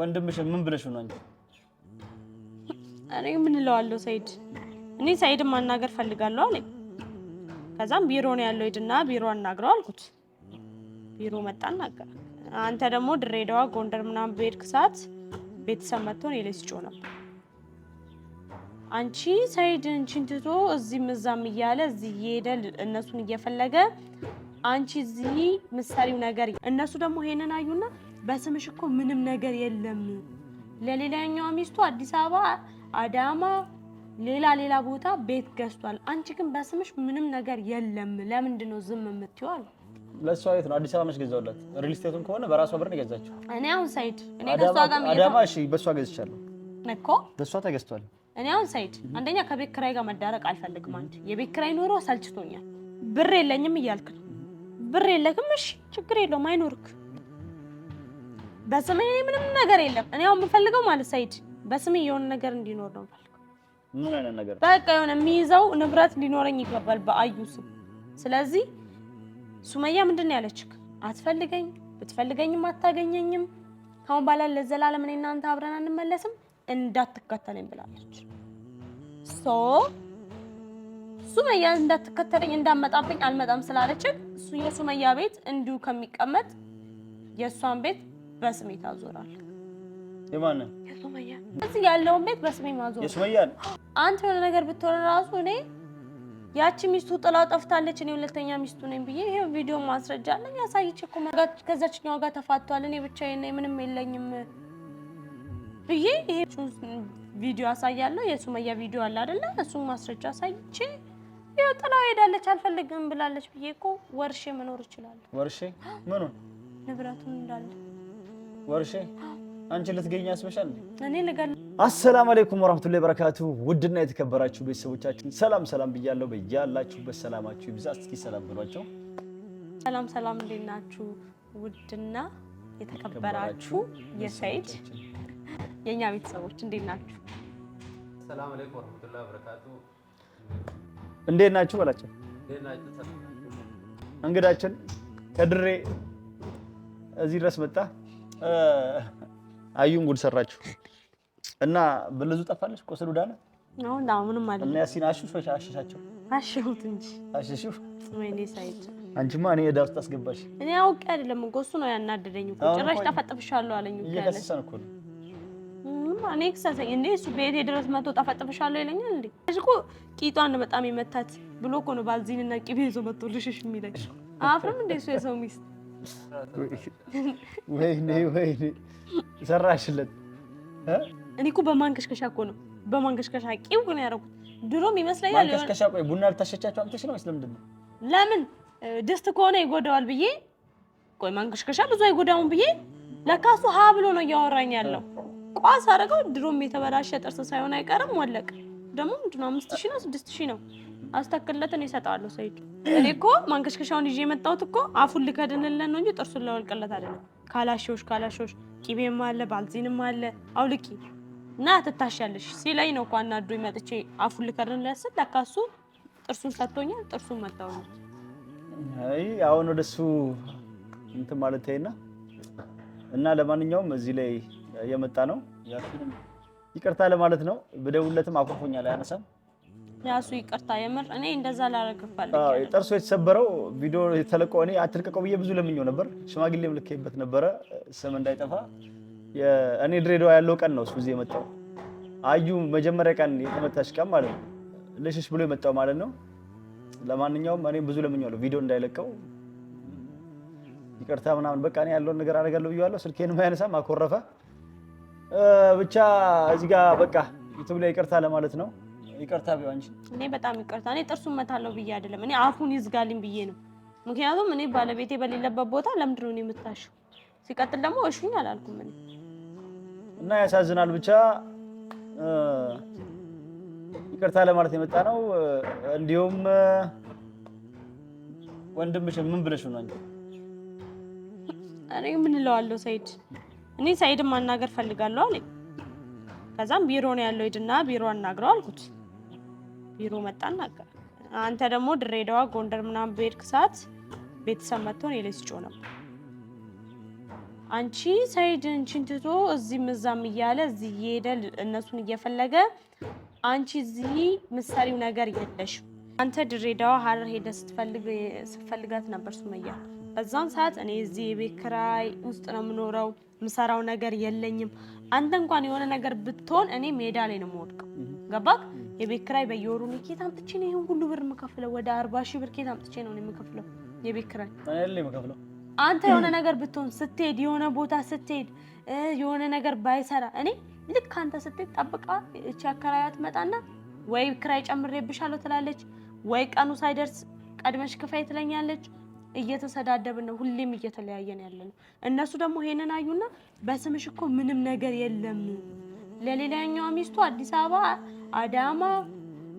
ወንድምሽ ምን ብለሽ ነው አንቺ? እኔ ምን እለዋለሁ ሰይድ፣ እኔ ሰይድን ማናገር ፈልጋለሁ አለኝ። ከዛም ቢሮ ነው ያለው፣ ሂድና ቢሮ አናግረው አልኩት። ቢሮ መጣ አናገረ። አንተ ደግሞ ድሬዳዋ፣ ጎንደር ምናምን በሄድክ ሰዓት ቤተሰብ መጥቶ እኔ ላይ ሲጮህ ነበር። አንቺ ሰይድ አንቺን ትቶ እዚህም እዛም እያለ እዚህ እየሄደ እነሱን እየፈለገ አንቺ እዚህ ምሳሌው ነገር እነሱ ደግሞ ይሄንን አዩና በስምሽ እኮ ምንም ነገር የለም። ለሌላኛው ሚስቱ አዲስ አበባ፣ አዳማ፣ ሌላ ሌላ ቦታ ቤት ገዝቷል። አንቺ ግን በስምሽ ምንም ነገር የለም። ለምንድን ነው ዝም የምትይዋል? ለእሷ ቤት ነው አዲስ አበባ መች ገዛውላት? ሪል ስቴቱን ከሆነ በራሷ ብር ነው የገዛችው። እኔ አሁን ሳይድ እኔ ከእሷ ጋር አዳማ፣ እሺ በእሷ ገዝቻለሁ እኮ በእሷ ተገዝቷል። እኔ አሁን ሳይድ አንደኛ ከቤት ክራይ ጋር መዳረቅ አልፈልግም። አንቺ የቤት ክራይ ኑሮ ሰልችቶኛል። ብር የለኝም እያልክ ነው። ብር የለህም? እሺ ችግር የለውም አይኖርክ በስሜ ምንም ነገር የለም። እኔ አሁን የምፈልገው ማለት ሳይድ በስሜ የሆነ ነገር እንዲኖር ነው የምፈልገው። ምን አይነት ነገር? በቃ የሆነ የሚይዘው ንብረት ሊኖረኝ ይገባል በአዩ ስም። ስለዚህ ሱመያ ምንድን ነው ያለችክ? አትፈልገኝ፣ ብትፈልገኝም አታገኘኝም። ካሁን በኋላ ለዘላለም እኔ እናንተ አብረን አንመለስም፣ እንዳትከተለኝ ብላለች። ሶ ሱመያ እንዳትከተለኝ እንዳመጣብኝ አልመጣም ስላለችን እሱ የሱመያ ቤት እንዲሁ ከሚቀመጥ የእሷን ቤት በስሜ ታዞራል። የማንን የሱመያ እዚህ ያለውን ቤት በስሜ ማዞር የሱመያ አንተ የሆነ ነገር ብትሆን ራሱ እኔ ያቺ ሚስቱ ጥላው ጠፍታለች፣ እኔ ሁለተኛ ሚስቱ ነኝ ብዬ ይሄ ቪዲዮ ማስረጃ አለኝ አሳይቼ እኮ ከዛችኛው ጋር ተፋቷል፣ እኔ ብቻዬን ነኝ ምንም የለኝም ብዬ ይሄ ቪዲዮ አሳያለሁ። የሱመያ ቪዲዮ አለ አይደለ? እሱ ማስረጃ አሳይቼ ይሄ ጥላው ሄዳለች አልፈልግም ብላለች ብዬ እኮ ወርሼ መኖር እችላለሁ። ወርሼ ምኑን ንብረቱን እንዳለ ወርሼ አንቺ ልትገኝ ያስበሻል። እኔ ነገር አሰላሙ አለይኩም ወራህመቱላሂ ወበረካቱ። ውድና የተከበራችሁ ቤተሰቦቻችን ሰላም ሰላም ብያለሁ። በያላችሁበት ሰላማችሁ ይብዛ። እስኪ ሰላም ብሏቸው። ሰላም ሰላም፣ እንዴት ናችሁ? ውድና የተከበራችሁ የሰይድ የእኛ ቤተሰቦች እንዴት ናችሁ? ሰላም አለይኩም ወራህመቱላሂ ወበረካቱ። እንዴት ናችሁ በላቸው። እንግዳችን ከድሬ እዚህ ድረስ መጣ። አዩም ጉድ ሰራችሁ እና ብልዙ ጠፋለች። ቁስሉ ዳነ። አሁን ምንም አይደለም። እና ያሲን አሽሽ አሽሻቸው አሽሁት እንጂ አሽሹ ወይኔ ሳይጭ አንቺማ እኔ ዕዳ ውስጥ አስገባሽ። እኔ አውቄ አይደለም እኮ እሱ ነው ያናደደኝ እኮ ጭራሽ ጠፈጥፍሻለሁ አለኝ እኮ ያለ እየከሰሰን እኮ ነው። እኔ ክሰሰኝ እንዴ እሱ ቤቴ ድረስ መቶ ጠፈጥፍሻለሁ ይለኛል እንዴ እኮ ቂጧን በጣም የመታት ብሎ እኮ ነው ባልዚንና ቅቤ ይዞ መጥቶ ልሽሽ የሚለኝ አፍርም እንደ እሱ የሰው ሚስት ወይኔ ወይኔ ሰራሽለት። እኔ እኮ በማንከሽከሻ እኮ ነው በማንከሽከሻ ቂው ነው ያደረኩት። ድሮም ይመስለኛል ማንከሽከሻ። ቆይ ቡና ልታሸቻቸው አምጥተሽ ነው ወይስ ለምንድን ነው? ለምን ድስት ከሆነ ይጎዳዋል ብዬ ቆይ ማንከሽከሻ ብዙ አይጎዳውም ብዬ ለካሱ ሀ ብሎ ነው እያወራኝ ያለው። ቋስ አደረገው። ድሮም የተበላሸ ጥርስ ሳይሆን አይቀርም ወለቅ ደግሞ ምንድን ነው አምስት ሺህ ነው ስድስት ሺህ ነው አስተክለትን እሰጠዋለሁ። ሰይድ እኔ እኮ ማንከሽከሻውን ይዤ የመጣሁት እኮ አፉን ልከድንለን ነው እንጂ ጥርሱን ለወልቅለት አይደለም። ካላሾሽ ካላሾሽ ቂቤም አለ ባልዚንም አለ አውልቂ እና ትታሻለሽ ሲለኝ ነው እኮ አናዱ መጥቼ አፉን ልከድንለት ስል ለካ እሱ ጥርሱን ሰጥቶኛል። ጥርሱን መጣው ነው። አይ አሁን ወደሱ እንትን ማለት ይሄና እና ለማንኛውም እዚህ ላይ የመጣ ነው ይቅርታ ለማለት ነው። ብደውለትም አኩርፎኛል አያነሳም ያሱ ይቅርታ፣ የምር እኔ እንደዛ ላረግፋለ እፈልጋለሁ። ጥርሱ የተሰበረው ቪዲዮ የተለቀ እኔ አትልቀቀው ብዬ ብዙ ለምኘው ነበር። ሽማግሌም ልኬበት ነበረ ስም እንዳይጠፋ። እኔ ድሬዳዋ ያለው ቀን ነው እሱ እዚህ የመጣው አዩ መጀመሪያ ቀን የተመታሽ ቀን ማለት ነው። ልሽሽ ብሎ የመጣው ማለት ነው። ለማንኛውም እኔ ብዙ ለምኜዋለሁ ቪዲዮ እንዳይለቀው ይቅርታ ምናምን በቃ እኔ ያለውን ነገር አደርጋለሁ ብያለሁ። ስልኬንም አያነሳም አኮረፈ። ብቻ እዚህ ጋር በቃ ዩቱብ ላይ ይቅርታ ለማለት ነው። ይቅርታ ቢሆን እንጂ እኔ በጣም ይቅርታ። እኔ ጥርሱን መታለው ብዬ አይደለም፣ እኔ አፉን ይዝጋልኝ ብዬ ነው። ምክንያቱም እኔ ባለቤቴ በሌለበት ቦታ ለምንድን ነው የምታሽው? ሲቀጥል ደግሞ እሹኝ አላልኩም እኔ እና ያሳዝናል። ብቻ ይቅርታ ለማለት የመጣ ነው። እንዲሁም ወንድምሽን ምን ብለሽ ነው እንጂ እኔ ምን እለዋለሁ ሰይድ፣ እኔ ሰይድን ማናገር ፈልጋለሁ አለኝ። ከዛም ቢሮ ነው ያለው፣ ሂድና ቢሮ አናግረው አልኩት። ቢሮ መጣና አንተ ደግሞ ድሬዳዋ፣ ጎንደር ምናምን በሄድክ ሰዓት ቤተሰብ መጥቶ እኔ ላይ ስጮህ ነበር። አንቺ ሰይድ አንቺን ትቶ እዚህም እዛም እያለ እዚህ እየሄደ እነሱን እየፈለገ አንቺ እዚህ ምሳሌው ነገር የለሽም። አንተ ድሬዳዋ ሀረር ሄደ ስትፈልጋት ነበር ሱመያ። በዛን ሰዓት እኔ እዚህ የቤት ክራይ ውስጥ ነው የምኖረው፣ ምሰራው ነገር የለኝም። አንተ እንኳን የሆነ ነገር ብትሆን እኔ ሜዳ ላይ ነው የምወድቀው። ገባክ? የቤት ኪራይ በየወሩ ነው። ኬት አምጥቼ ነው ይሄን ሁሉ ብር የምከፍለው? ወደ አርባ ሺህ ብር ኬት አምጥቼ ነው የምከፍለው የቤት ኪራይ። አንተ የሆነ ነገር ብትሆን ስትሄድ፣ የሆነ ቦታ ስትሄድ፣ የሆነ ነገር ባይሰራ እኔ ልክ አንተ ስትሄድ ጠብቃ እቺ አከራያት መጣና ወይ ኪራይ ጨምሬብሻለሁ ትላለች፣ ወይ ቀኑ ሳይደርስ ቀድመሽ ክፈይ ትለኛለች። እየተሰዳደብን ነው፣ ሁሌም እየተለያየን ያለ ነው። እነሱ ደግሞ ይሄንን አዩና በስምሽ እኮ ምንም ነገር የለም ለሌላኛው ሚስቱ አዲስ አበባ አዳማ፣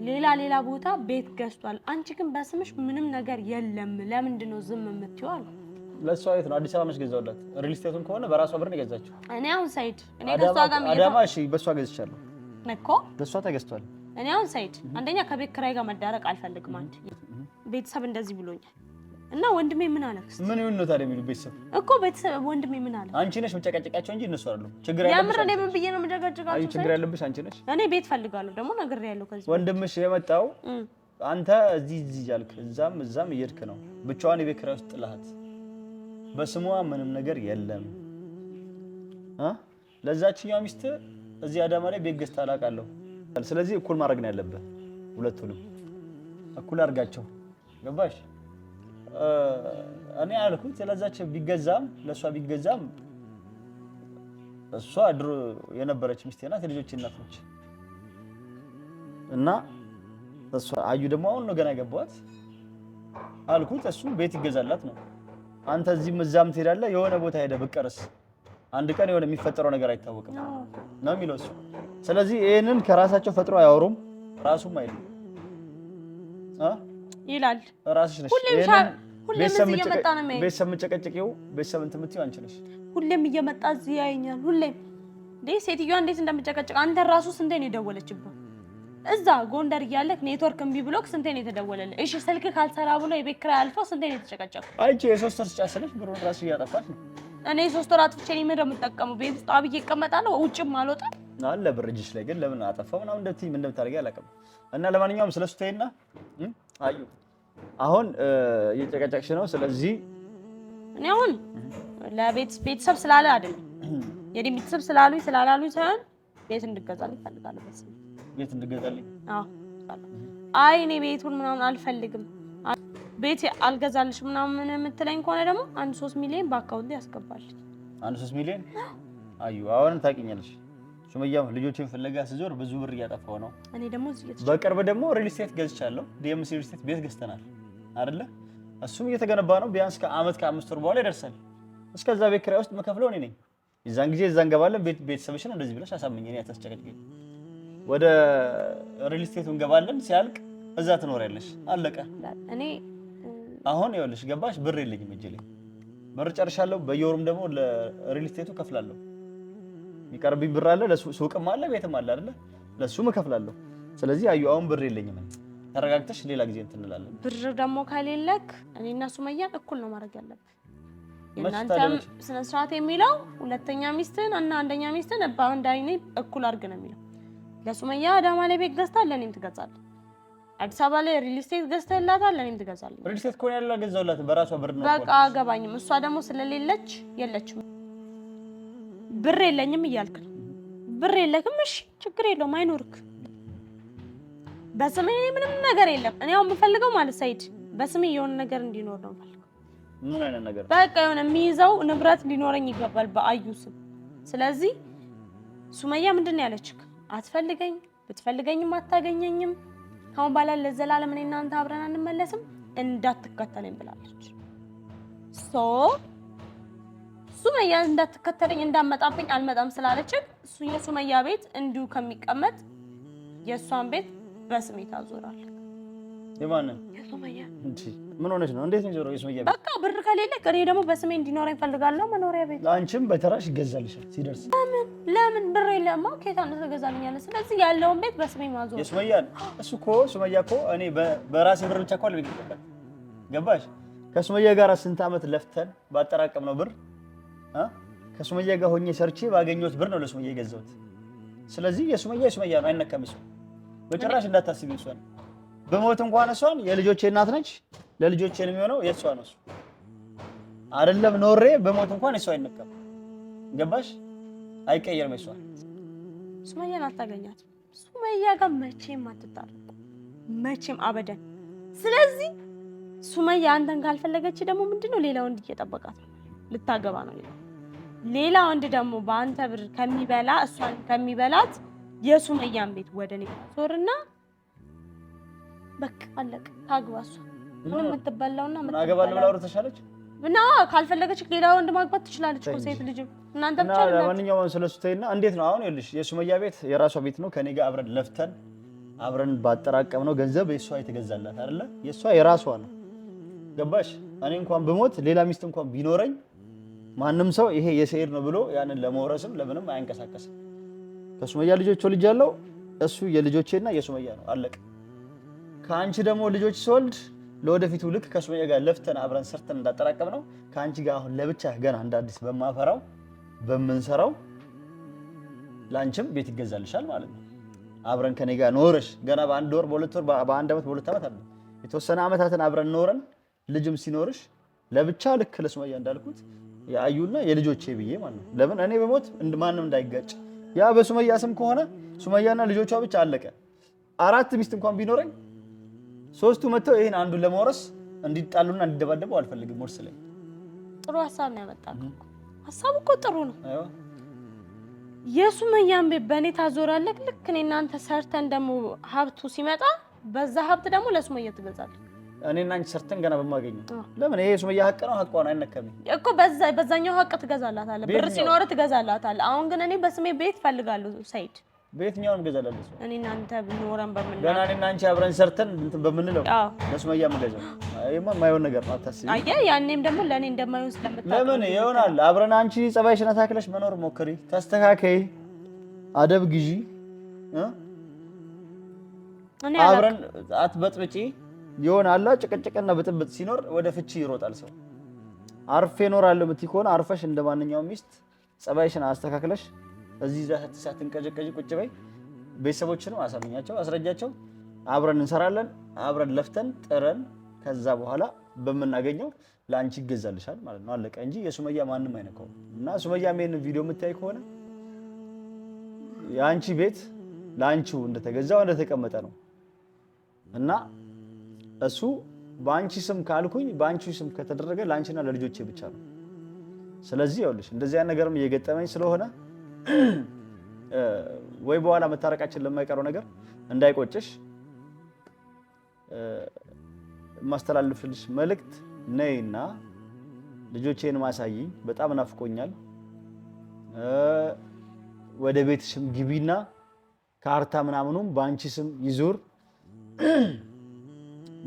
ሌላ ሌላ ቦታ ቤት ገዝቷል። አንቺ ግን በስምሽ ምንም ነገር የለም። ለምንድን ነው ዝም የምትይው? አለ ለእሷ ነው አዲስ አበባ መች ገዛሁላት። ሪል ስቴቱን ከሆነ በራሷ ብር ነው የገዛችው። እኔ አሁን ሳይድ እኔ ከእሷ ጋር አዳማ፣ እሺ በእሷ ገዝቻለሁ እኮ በእሷ ተገዝቷል። እኔ አሁን ሳይድ አንደኛ ከቤት ክራይ ጋር መዳረቅ አልፈልግም። አንቺ ቤተሰብ እንደዚህ ብሎኛል እና ወንድሜ ምን አለ? ምን ይሁን ነው ታዲያ? የሚሉ ቤተሰብ እኮ ቤተሰብ ወንድሜ ምን አለ? አንቺ ነሽ መጨቃጨቃቸው እንጂ እነሱ አይደሉም። ችግር ያለብሽ ያምር ነው። ምን ብዬ ነው መጨቃጨቃቸው? ችግር ያለብሽ አንቺ ነሽ። እኔ ቤት ፈልጋለሁ ደግሞ ነገር ያለው ከዚህ ወንድምሽ የመጣው አንተ እዚህ እዚህ እያልክ እዛም እዛም እየሄድክ ነው። ብቻዋን የቤት ኪራይ ውስጥ ጥላት፣ በስሟ ምንም ነገር የለም። ለዛችኛው ሚስት እዚህ አዳማ ላይ ቤት ገዝታ አላውቃለሁ። ስለዚህ እኩል ማድረግ ነው ያለብህ። ሁለቱንም እኩል አድርጋቸው። ገባሽ? እኔ አልኩት ለዛች ቢገዛም ለእሷ ቢገዛም እሷ ድሮ የነበረች ሚስቴ ናት፣ የልጆች እናት ነች። እና እሷ አዩ ደግሞ አሁን ነው ገና የገባት አልኩት። እሱ ቤት ይገዛላት ነው። አንተ እዚህም እዛም ትሄዳለህ፣ የሆነ ቦታ ሄደህ ብቀርስ አንድ ቀን የሆነ የሚፈጠረው ነገር አይታወቅም ነው የሚለው እሱ። ስለዚህ ይህንን ከራሳቸው ፈጥሮ አያወሩም፣ ራሱም አይልም ይላል። ራስሽ ነሽ ቤተሰብ የምጨቀጭቂው ቤተሰብ እንትን የምትይው አንቺ ነሽ። ሁሌም እየመጣ እዚህ ያየኛል። ሁሌም እንዴ ሴትዮዋ እንዴት እንደምጨቀጭቅ አንተን ራሱ ስንቴ ነው የደወለችብህ? እዛ ጎንደር እያለህ ኔትወርክ እምቢ ብሎክ ስንቴ ነው የተደወለልህ? እሺ ስልክ ካልሰራ ብሎ የቤት ኪራይ አልፎ ስንቴ ነው የተጨቀጨቁ? አይቼ የሶስት ወር ስጫስለሽ ብሩን ራሱ እያጠፋች ነው። እኔ ሶስት ወር አጥፍቼ እኔ ምን የምጠቀመው? ቤት ውስጥ አብዬ እቀመጣለሁ፣ ውጭም አልወጣም አለ ብር ላይ ግን ለምን አጠፋ ምናምን እንደምታደርጊ አላውቅም። እና ለማንኛውም ስለሱ ተይና አዩ አሁን እየጨቀጨቅሽ ነው። ስለዚህ እኔ አሁን ለቤት ቤተሰብ ስላለ አይደለም የኔ ቤተሰብ ስላሉ ስላላሉ ሳይሆን ቤት እንድገዛልኝ እፈልጋለሁ። ቤት እንድገዛልኝ? አዎ። አይ እኔ ቤቱን ምናምን አልፈልግም ቤት አልገዛልሽ ምናምን የምትለኝ ከሆነ ደግሞ አንድ ሶስት ሚሊዮን በአካውንት ያስገባልሽ። አንድ ሶስት ሚሊዮን አዩ። አሁንም ታውቂኛለሽ ሱመያም ልጆችን ፍለጋ ስዞር ብዙ ብር እያጠፋው ነው። እኔ ደግሞ በቅርብ ደግሞ ሪል ስቴት ገዝቻለሁ። ዲኤምሲ ሪል ስቴት ቤት ገዝተናል አይደለ? እሱም እየተገነባ ነው። ቢያንስ ከአመት ከአምስት ወር በኋላ ይደርሳል። እስከዛ ቤት ኪራይ ውስጥ መከፍለው እኔ ነኝ። የዛን ጊዜ እዛ እንገባለን። ቤት ነው እንደዚህ ብለሽ አሳምኝ፣ እኔ አታስጨቀጭኝ። ወደ ሪል ስቴቱ እንገባለን። ሲያልቅ እዛ ትኖሪያለሽ። አለቀ። እኔ አሁን ይኸውልሽ ገባሽ፣ ብር የለኝም እጄ ላይ ብር ጨርሻለሁ። በየወሩም ደግሞ ለሪል ስቴቱ ከፍላለሁ። የሚቀርብኝ ብር አለ፣ ሱቅም አለ፣ ቤትም አለ አይደለ? ለሱም እከፍላለሁ። ስለዚህ አዩ አሁን ብር የለኝም። ተረጋግተሽ ሌላ ጊዜ እንትን እንላለን። ብር ደግሞ ከሌለክ እኔና እና ሱመያ እኩል ነው ማድረግ ያለብን። የእናንተም ስነ ስርዓት የሚለው ሁለተኛ ሚስትን እና አንደኛ ሚስትን በአንድ አይኔ እኩል አድርግ ነው የሚለው። ለሱመያ አዳማ ላይ ቤት ገዝታ ለእኔም ትገዛለህ። አዲስ አበባ ላይ ሪል ስቴት ገዝተህላታል፣ እኔም ትገዛለህ። ሪል ስቴት ከሆነ ያለው ገዛውላት በራሷ ብር ነው። በቃ አገባኝም። እሷ ደግሞ ስለሌለች የለችም። ብር የለኝም እያልክ ብር የለክም። እሺ ችግር የለውም አይኖርክ። በስሜ ምንም ነገር የለም። እኔ አሁን የምፈልገው ማለት ሳይድ በስሜ የሆነ ነገር እንዲኖር ነው ነገር? በቃ የሆነ የሚይዘው ንብረት ሊኖረኝ ይገባል በአዩ ስም። ስለዚህ ሱመያ ምንድን ነው ያለችክ? አትፈልገኝ፣ ብትፈልገኝም አታገኘኝም። ካሁን በኋላ ለዘላለም እኔ እናንተ አብረን አንመለስም፣ እንዳትከተለኝ ብላለች ሶ ሱመያ እንዳትከተለኝ እንዳመጣብኝ አልመጣም ስላለችን የሱመያ ቤት እንዲሁ ከሚቀመጥ የእሷን ቤት በስሜት አዞራል። የማንን የሱመያ እንጂ ምን ሆነች ነው? እንዴት ነው የሱመያ ቤት? በቃ ብር ከሌለ እኔ ደግሞ በስሜ እንዲኖረኝ ፈልጋለሁ መኖሪያ ቤት። አንቺም በተራሽ ይገዛልሻል ሲደርስ። ለምን ለምን ብር የለማ ከየት አንተ ተገዛልኛለ። ስለዚህ ያለውን ቤት በስሜ ማዞር የሱመያ እሱ እኮ ሱመያ እኮ እኔ በራሴ ብር ብቻ እኮ አልቤት ገባሽ? ከሱመያ ጋር ስንት ዓመት ለፍተን ባጠራቀም ነው ብር ከሱመያ ጋር ሆኜ ሰርቼ ባገኘሁት ብር ነው ለሱመያ የገዛሁት። ስለዚህ የሱመያ የሱመያ ነው፣ አይነካም። እሷ በጭራሽ እንዳታስቢ። እሷን በሞት እንኳን እሷን የልጆቼ እናት ነች፣ ለልጆቼ የሚሆነው የእሷ ነው። እሱ አይደለም ኖሬ በሞት እንኳን እሷ አይነካም። ገባሽ? አይቀየርም። እሷ ሱመያን አታገኛት። ሱመያ ጋር መቼም አትታረቁ፣ መቼም አበደን። ስለዚህ ሱመያ አንተን ካልፈለገች ደግሞ ምንድነው ሌላ ወንድ እየጠበቃት ልታገባ ነው። ሌላ ወንድ ደግሞ በአንተ ብር ከሚበላ እሷን ከሚበላት የሱመያን ቤት ወደ እኔ ታዞርና በቃ አለቀ። ታግባ እሷ ምንም የምትበላውና ምናገባለ ብላ ተሻለች እና ካልፈለገች ሌላ ወንድ ማግባት ትችላለች። እኮ ሴት ልጅ እናንተ ብቻ ለማንኛውም ስለሱ ተይና፣ እንዴት ነው አሁን? ይኸውልሽ የሱመያ ቤት የራሷ ቤት ነው። ከኔ ጋር አብረን ለፍተን አብረን ባጠራቀም ነው ገንዘብ የእሷ የተገዛላት አይደለ? የእሷ የራሷ ነው። ገባሽ? እኔ እንኳን ብሞት ሌላ ሚስት እንኳን ቢኖረኝ ማንም ሰው ይሄ የሰይድ ነው ብሎ ያንን ለመውረስም ለምንም አያንቀሳቀስም። ከሱመያ ልጆች ወልጅ ያለው እሱ የልጆቼና የሱመያ ነው አለቅ። ከአንቺ ደግሞ ልጆች ስወልድ ለወደፊቱ ልክ ከሱመያ ጋር ለፍተን አብረን ሰርተን እንዳጠራቀም ነው ከአንቺ ጋር አሁን ለብቻ ገና እንደ አዲስ በማፈራው በምንሰራው ለአንቺም ቤት ይገዛልሻል ማለት ነው። አብረን ከኔ ጋር ኖረሽ ገና በአንድ ወር በሁለት ወር በአንድ ዓመት በሁለት ዓመት አለ የተወሰነ ዓመታትን አብረን ኖረን ልጅም ሲኖርሽ ለብቻ ልክ ለሱመያ እንዳልኩት የአዩና የልጆቼ ብዬ ማለት ነው። ለምን እኔ በሞት ማንም እንዳይጋጭ። ያ በሱመያ ስም ከሆነ ሱመያና ልጆቿ ብቻ አለቀ። አራት ሚስት እንኳን ቢኖረኝ ሶስቱ መጥተው ይሄን አንዱን ለመውረስ እንዲጣሉና እንዲደባደቡ አልፈልግም። ወርስ ላይ ጥሩ ሀሳብ ነው ያመጣከው። ሀሳቡ እኮ ጥሩ ነው። የሱመያን ቤት በእኔ ታዞራለህ። ልክ እኔ እናንተ ሰርተን ደግሞ ሀብቱ ሲመጣ በዛ ሀብት ደግሞ ለሱመያ ትገዛለህ። እኔና አንቺ ሰርተን ገና በማገኘው ለምን ይሄ ሱመያ ሀቅ ነው፣ ሀቋን አይነካም እኮ በዛ በዛኛው ሀቅ ትገዛላታለህ፣ ብር ሲኖር ትገዛላታለህ። አሁን ግን እኔ በስሜ ቤት ፈልጋለሁ ሰይድ በየትኛውም ገዛላለ እኔ እናንተ ብንኖረን በምንለው ገና እኔ አንቺ አብረን ሰርተን በምንለው ለሱመያ የምንገዛው ይሄማ የማይሆን ነገር ነው። አታስቢ። አየህ ያኔም ደግሞ ለእኔ እንደማይሆን ስለምታውቅ ለምን ይሆናል? አብረን አንቺ ጸባይሽን አታክለሽ መኖር ሞክሪ፣ ተስተካከይ፣ አደብ ግዢ፣ አብረን አትበጥብጪ። የሆነ አላ ጭቅጭቅና ብጥብጥ ሲኖር ወደ ፍቺ ይሮጣል ሰው። አርፌ እኖራለሁ የምትይ ከሆነ አርፈሽ እንደ ማንኛውም ሚስት ጸባይሽን አስተካክለሽ እዚህ ሳትንቀጭቀጭ ቁጭ በይ። ቤተሰቦችንም አሳምኛቸው፣ አስረጃቸው። አብረን እንሰራለን፣ አብረን ለፍተን ጥረን ከዛ በኋላ በምናገኘው ለአንቺ ይገዛልሻል ማለት ነው። አለቀ እንጂ የሱመያ ማንም አይነካው እና ሱመያ ይሄን ቪዲዮ የምታይ ከሆነ የአንቺ ቤት ለአንቺው እንደተገዛው እንደተቀመጠ ነው እና እሱ በአንቺ ስም ካልኩኝ በአንቺ ስም ከተደረገ ለአንቺና ለልጆቼ ብቻ ነው። ስለዚህ ይኸውልሽ እንደዚህ አይነት ነገርም እየገጠመኝ ስለሆነ ወይ በኋላ መታረቃችን ለማይቀረው ነገር እንዳይቆጭሽ የማስተላልፍልሽ መልእክት ነይና ልጆቼን ማሳይኝ። በጣም ናፍቆኛል። ወደ ቤትሽም ግቢና ካርታ ምናምኑም በአንቺ ስም ይዙር።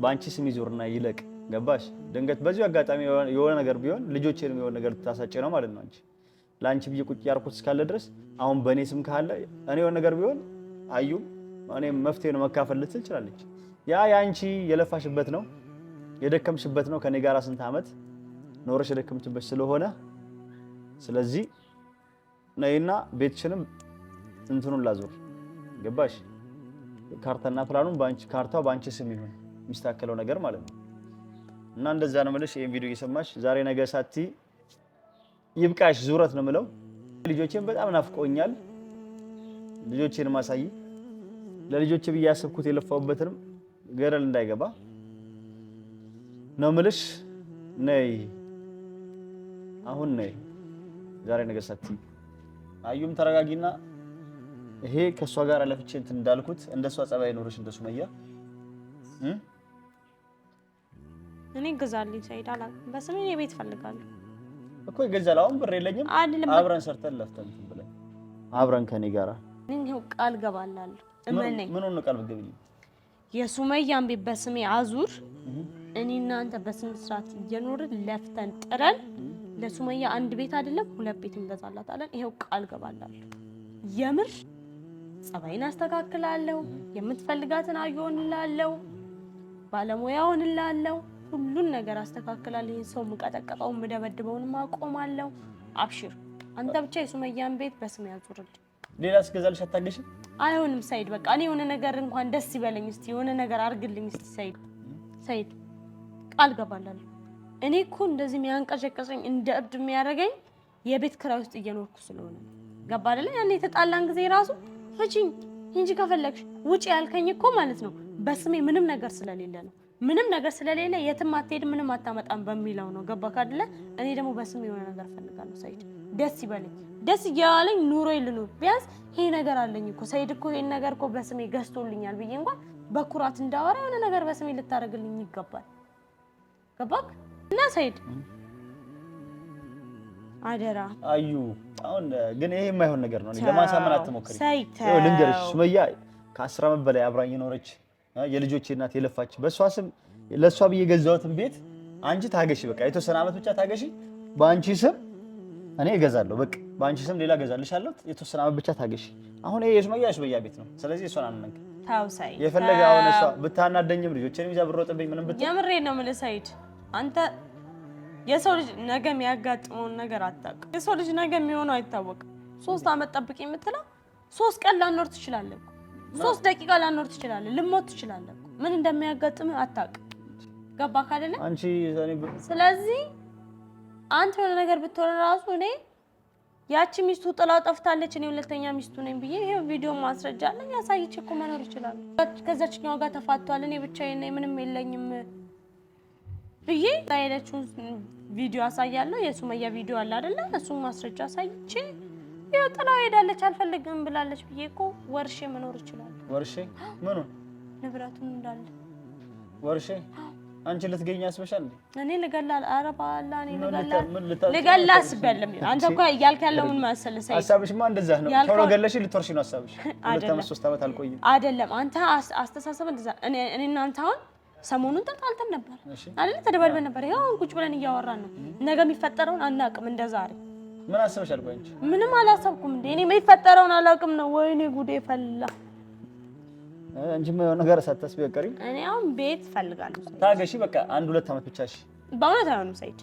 በአንቺ ስም ይዞርና ይለቅ። ገባሽ? ድንገት በዚሁ አጋጣሚ የሆነ ነገር ቢሆን ልጆችንም የሆነ ነገር ልታሳጭ ነው ማለት ነው። አንቺ ለአንቺ ብዬ ቁጭ ያልኩት እስካለ ድረስ አሁን በእኔ ስም ካለ እኔ የሆነ ነገር ቢሆን አዩም እኔም መፍትሄ ነው መካፈል ልትል ትችላለች። ያ የአንቺ የለፋሽበት ነው የደከምሽበት ነው። ከኔ ጋር ስንት ዓመት ኖረሽ የደከምችበት ስለሆነ ስለዚህ ነይና ቤትሽንም እንትኑን ላዞር ገባሽ? ካርታና ፕላኑን ካርታው በአንቺ ስም ይሁን። የሚስተካከለው ነገር ማለት ነው። እና እንደዛ ነው የምልሽ። ይሄን ቪዲዮ እየሰማሽ ዛሬ ነገ ሳቲ ይብቃሽ ዙረት ነው የምለው። ልጆቼን በጣም ናፍቆኛል። ልጆቼን ማሳይ ለልጆቼ ብዬ ያሰብኩት የለፋሁበትንም ገደል እንዳይገባ ነው የምልሽ። ነይ አሁን ነይ ዛሬ ነገ ሳቲ አዩም ተረጋጊና ይሄ ከእሷ ጋር ለፍቼ እንትን እንዳልኩት እንደሷ ጸባይ ኖሮች እንደሱ መያ እኔ ግዛልኝ ሰይድ አላውቅም። በስሜ የቤት ፈልጋለሁ እኮ ይገዛል። አሁን ብር የለኝም። አብረን ሰርተን ለፍተን ብለን አብረን ከኔ ጋራ እኔው ቃል ገባላለሁ። እመነኝ። ምን ነው ቃል ገባልኝ? የሱመያን ቤት በስሜ አዙር። እኔ እናንተ በስነ ስርዓት እየኖርን ለፍተን ጥረን ለሱመያ አንድ ቤት አይደለም ሁለት ቤት እንገዛላታለን። ይሄው ቃል ገባላለሁ። የምር ጸባይን አስተካክላለሁ። የምትፈልጋትን አዩ ሆንላለሁ። ባለሙያ ሆንላለሁ። ሁሉን ነገር አስተካክላል። ይህን ሰው የምቀጠቀጠው የምደበድበውን አቆማለሁ። አብሽር፣ አንተ ብቻ የሱመያን ቤት በስም ያዙርልኝ። ሌላ እስገዛልሽ አታገሽ። አይሆንም ሰይድ፣ በቃ እኔ የሆነ ነገር እንኳን ደስ ይበለኝ እስቲ፣ የሆነ ነገር አድርግልኝ እስቲ ሰይድ። ሰይድ፣ ቃል ገባላለሁ። እኔ እኮ እንደዚህ የሚያንቀሸቀሸኝ እንደ እብድ የሚያደርገኝ የቤት ክራይ ውስጥ እየኖርኩ ስለሆነ ገባ አይደለ? ያን የተጣላን ጊዜ ራሱ ፍቺኝ እንጂ ከፈለግሽ ውጪ ያልከኝ እኮ ማለት ነው በስሜ ምንም ነገር ስለሌለ ነው። ምንም ነገር ስለሌለ የትም አትሄድ ምንም አታመጣም በሚለው ነው። ገባክ አይደለ? እኔ ደግሞ በስም የሆነ ነገር ፈልጋለሁ። ሰይድ ደስ ይበለኝ፣ ደስ እያለኝ ኑሮ ልኑር። ቢያንስ ይሄ ነገር አለኝ እኮ ሰይድ እኮ ይሄን ነገር እኮ በስሜ ገዝቶልኛል ብዬ እንኳን በኩራት እንዳወራ የሆነ ነገር በስሜ ልታደርግልኝ ይገባል። ገባክ? እና ሰይድ አደራ አዩ። አሁን ግን ይሄ የማይሆን ነገር ነው። ለማሳመን አትሞክሪ። ልንገርሽ ሱመያ ከአስር ዓመት በላይ አብራኝ ኖረች። የልጆች እናት የለፋች በእሷ ስም ለእሷ ብዬ የገዛሁትን ቤት አንቺ ታገሺ፣ በቃ የተወሰነ ዓመት ብቻ ታገሺ። በአንቺ ስም እኔ እገዛለሁ፣ በቃ በአንቺ ስም ሌላ እገዛልሻለሁ። የተወሰነ ዓመት ብቻ ታገሺ። አሁን ይሄ የሱመያ የሱመያ ቤት ነው። ስለዚህ እሷን አንነግ ታውሳይ የፈለገ አሁን እሷ ብታናደኝም ልጆቼንም ይዛ ብሮጥብኝ ምንም ብትል የምሬ ነው የምልህ ሰይድ አንተ የሰው ልጅ ነገ የሚያጋጥመውን ነገር አታውቅም። የሰው ልጅ ነገ የሚሆነው አይታወቅም። ሶስት አመት ጠብቅ የምትለው ሶስት ቀን ላኖር ትችላለህ። ሶስት ደቂቃ ላኖር ትችላለህ፣ ልሞት ትችላለህ። ምን እንደሚያጋጥም አታውቅም። ገባህ አይደለ? አንቺ ስለዚህ አንተ የሆነ ነገር ብትሆን እራሱ እኔ ያቺ ሚስቱ ጥላው ጠፍታለች፣ እኔ ሁለተኛ ሚስቱ ነኝ ብዬ ይሄ ቪዲዮ ማስረጃ አለኝ አሳይቼ እኮ መኖር ይችላል። ከዛችኛው ጋር ተፋቷል፣ እኔ ብቻዬን ነኝ፣ ምንም የለኝም ብዬ ሄደችውን ቪዲዮ አሳያለሁ። የሱመያ ቪዲዮ አለ አይደለ? እሱም ማስረጃ አሳይቼ ይኸው ጥላው ሄዳለች አልፈልግም ብላለች ብዬ እኮ ወርሼ መኖር ይችላል። ወርሼ ምኑን? ንብረቱን እንዳለ ወርሼ አንቺ ልትገኝ አስበሻል እንዴ? እኔ ልገላል አረባላ እኔ ልገላል ልገላ አስበልም። አንተ እኮ እያልክ ያለው ምን መሰለህ ሰይድ፣ ሀሳብሽማ እንደዛ ነው። ቶሎ ገለሽ ልትወርሽ ነው ሀሳብሽ። አይደለም ሶስት ዓመት አልቆይም። አይደለም አንተ አስተሳሰብ እንደዛ። እኔ እናንተ አሁን ሰሞኑን ተጣልተን ነበር አይደል? ተደባድበን ነበር። ይኸው አሁን ቁጭ ብለን እያወራን ነው። ነገ የሚፈጠረውን አናውቅም እንደዛሬ ምን አስበሻል? ቆይ እንጂ ምንም አላሰብኩም። እንደ እኔ የሚፈጠረውን አላውቅም ነው። ወይኔ ጉዴ ፈላ እንጂ ምን ነገር ሳታስቢ በቀሪ። እኔ አሁን ቤት እፈልጋለሁ። ታገሺ፣ በቃ አንድ ሁለት አመት ብቻ እሺ በእውነት አይሆኑ ሰይድ፣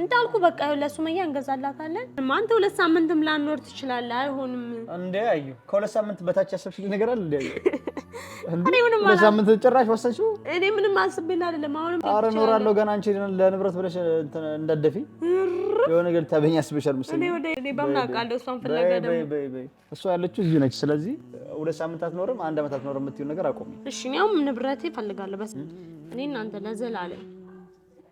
እንዳልኩ በቃ ለሱመያ እንገዛላታለን። አንተ ሁለት ሳምንትም ላኖር ትችላለህ። አይሆንም እንዴ አዩ ከሁለት ሳምንት በታች ያሰብሽልኝ ነገር አለ እንደ አዩ እኔ ሳምንት ጭራሽ ወሰንሽው። እኔ ምንም አስቤልህ አይደለም። አሁንም ኧረ እኖራለሁ ገና አንቺ ለንብረት ብለሽ እንዳደፊ የሆነ ነገር ታበኝ ያስብሻል መሰለኝ። እኔ በምን አውቃለሁ እሷን ፍለጋ ደግሞ እሷ ያለችው እዚህ ነች። ስለዚህ ሁለት ሳምንት አትኖርም፣ አንድ አመት አትኖርም የምትይው ነገር አቆም። እሺ እኔ አሁን ንብረቴ እፈልጋለሁ። በስ እኔ እናንተ ለዘላለም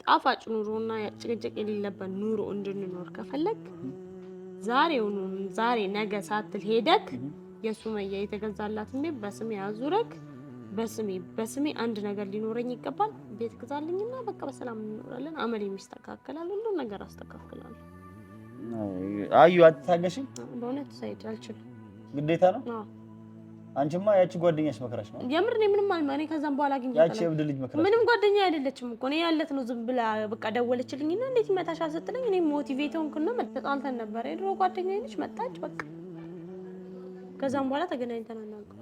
ጣፋጭ ኑሮና ጭቅጭቅ የሌለበት ኑሮ እንድንኖር ከፈለግ ዛሬውኑ ዛሬ ነገ ሳትል ሄደክ የሱመያ የተገዛላት ቤት በስሜ አዙረክ በስሜ በስሜ አንድ ነገር ሊኖረኝ ይገባል። ቤት ግዛልኝና በቃ በሰላም እንኖራለን። አመል የሚስተካከላል ሁሉ ነገር አስተካክላል። አዩ አትታገሽም። በእውነት ሳይድ አልችልም። ግዴታ ነው። አንቺማ ያቺ ጓደኛሽ መከራሽ ነው። የምር ነው ምንም አልማ እኔ ከዛም በኋላ ግን ያቺ እብድ ልጅ መከራሽ ምንም ጓደኛ አይደለችም እኮ እኔ ያለት ነው። ዝም ብላ በቃ ደወለችልኝ እና እንዴት ይመጣሻል ስትለኝ እኔ ሞቲቬት ሆንኩ ሆንኩና ተጣልተን ነበር። የድሮ ጓደኛ ነች መጣች በቃ ከዛም በኋላ ተገናኝተን አናውቅም።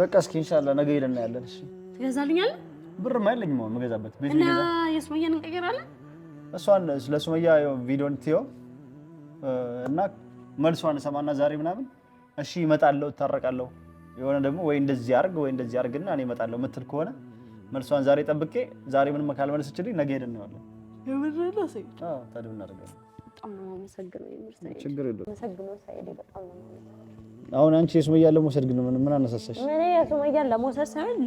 በቃ እስኪ ኢንሻአላህ ነገ ይለና ያለን እሺ ትገዛልኛለህ? ብር ማይለኝ ነው የምገዛበት ቤት እና የሱመያን እንቀይራለን። እሷን ለሱመያ ቪዲዮን ትየው እና መልሷን ሰማና ዛሬ ምናምን እሺ እመጣለሁ፣ እታረቃለሁ የሆነ ደግሞ ወይ እንደዚህ አርግ ወይ እንደዚህ እና እኔ እመጣለሁ ምትል ከሆነ መልሷን ዛሬ ጠብቄ ዛሬ ምንም ካልመለስ ነገ ሄደን ነው አሁን አንቺ የሱመያን ለመውሰድ ግን ምን አነሳሳሽ? እኔ የሱመያን ለመውሰድ ሳይሆን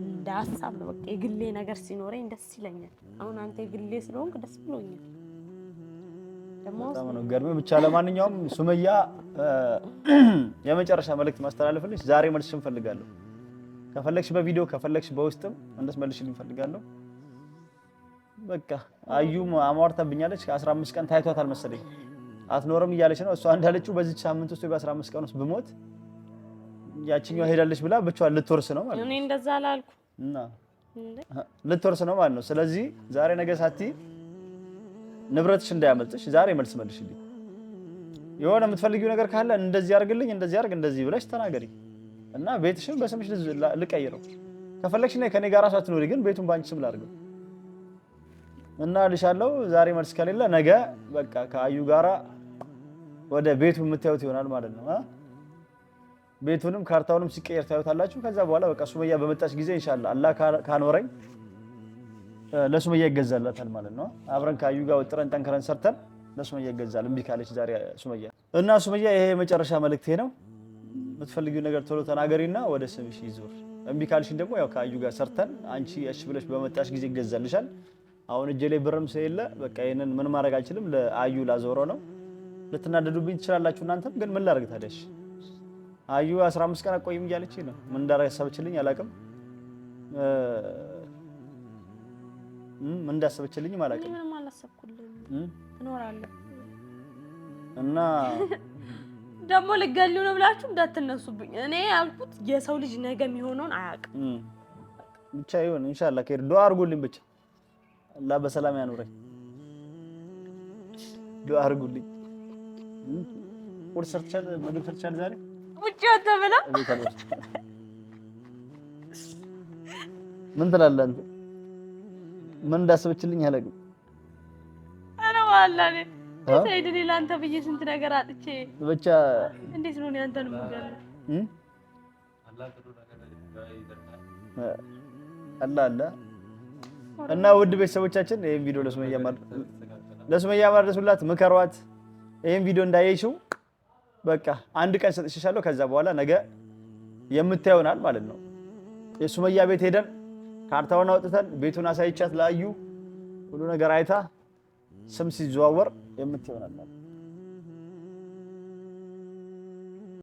እንደ ሀሳብ ነው። በቃ የግሌ ነገር ሲኖረኝ ደስ ይለኛል። አሁን አንተ የግሌ ስለሆንክ ደስ ብሎኛል። በጣም ነው ገርም። ብቻ ለማንኛውም ሱመያ የመጨረሻ መልእክት ማስተላለፍልሽ ዛሬ መልስሽ እንፈልጋለሁ። ከፈለግሽ በቪዲዮ ከፈለግሽ በውስጥም እንደስ እንድትመልሽ እንፈልጋለሁ። በቃ አዩም አሟርታብኛለች። ከ15 ቀን ታይቷት አልመሰለኝ አትኖርም እያለች ነው እሷ እንዳለችው። በዚህ ሳምንት ውስጥ በ15 ቀን ውስጥ ብሞት ያችኛዋ ሄዳለች ብላ ብቻዋን ልትወርስ ነው ማለት ነው። እኔ እንደዛ አላልኩ እና ልትወርስ ነው ማለት ነው። ስለዚህ ዛሬ ነገ ሳቲ ንብረትሽ እንዳያመልጥሽ ዛሬ መልስ መልሽልኝ። የሆነ የምትፈልጊው ነገር ካለ እንደዚህ አድርግልኝ፣ እንደዚህ አርግ፣ እንደዚህ ብለሽ ተናገሪ እና ቤትሽን በስምሽ ልቀይረው። ከፈለግሽ ነይ ከኔ ጋር ራሷ ትኖሪ፣ ግን ቤቱን በአንቺ ስም ላድርገው እና ልሻለው። ዛሬ መልስ ከሌለ ነገ በቃ ከአዩ ጋራ ወደ ቤቱ የምታዩት ይሆናል ማለት ነው። ቤቱንም ካርታውንም ሲቀየር ታዩታላችሁ። ከዛ በኋላ በቃ ሱመያ በመጣች ጊዜ ኢንሻአላህ አላህ ካኖረኝ ለሱመያ ይገዛላታል ማለት ነው። አብረን ከአዩ ጋር ወጥረን ጠንክረን ሰርተን ለሱመያ ይገዛል። እምቢ ካለች ዛሬ ሱመያ እና ሱመያ፣ ይሄ የመጨረሻ መልእክቴ ነው። የምትፈልጊው ነገር ቶሎ ተናገሪና ወደ ስምሽ ይዞር። እምቢ ካልሽን ደግሞ ያው ከአዩ ጋር ሰርተን አንቺ እሺ ብለሽ በመጣሽ ጊዜ ይገዛልሻል። አሁን እጄ ላይ ብርም ስለሌለ በቃ ይሄንን ምን ማድረግ አልችልም። ለአዩ ላዞሮ ነው። ልትናደዱብኝ ትችላላችሁ እናንተም፣ ግን ምን ላደርግ ታዲያሽ? አዩ 15 ቀን አቆይም እያለች ነው። ምን እንዳረግ ያሰበችልኝ አላውቅም። እንዳሰበችልኝም አላውቅም። ምንም አላሰብኩልኝም። ትኖራለህ እና ደግሞ ልገሉ ነው ብላችሁ እንዳትነሱብኝ። እኔ ያልኩት የሰው ልጅ ነገ የሚሆነውን አያውቅም። ብቻ ይሁን ኢንሻአላህ። ከሄድ ዱአ አድርጉልኝ ብቻ አላህ በሰላም ያኑረኝ። ዱአ አድርጉልኝ። ቁርስ ሰርተሻል? ምግብ ሰርተሻል? ዛሬ ውጭ ወጥተህ ብላ ምን ትላለህ አንተ? ምን እንዳሰበችልኝ አላውቅም። አረ ዋላ እኔ ለአንተ ብዬ ስንት ነገር አጥቼ ብቻ እንዴት ነው ያንተ ያንተን አላ አላ እና ውድ ቤተሰቦቻችን ይህን ቪዲዮ ለሱመያ ማድረሱላት ምከሯት። ይህን ቪዲዮ እንዳየሽው በቃ አንድ ቀን ሰጥሽሻለሁ። ከዛ በኋላ ነገ የምታየውናል ማለት ነው የሱመያ ቤት ሄደን ካርታውን አውጥተን ቤቱን አሳይቻት ላዩ ሁሉ ነገር አይታ ስም ሲዘዋወር የምትሆናለች።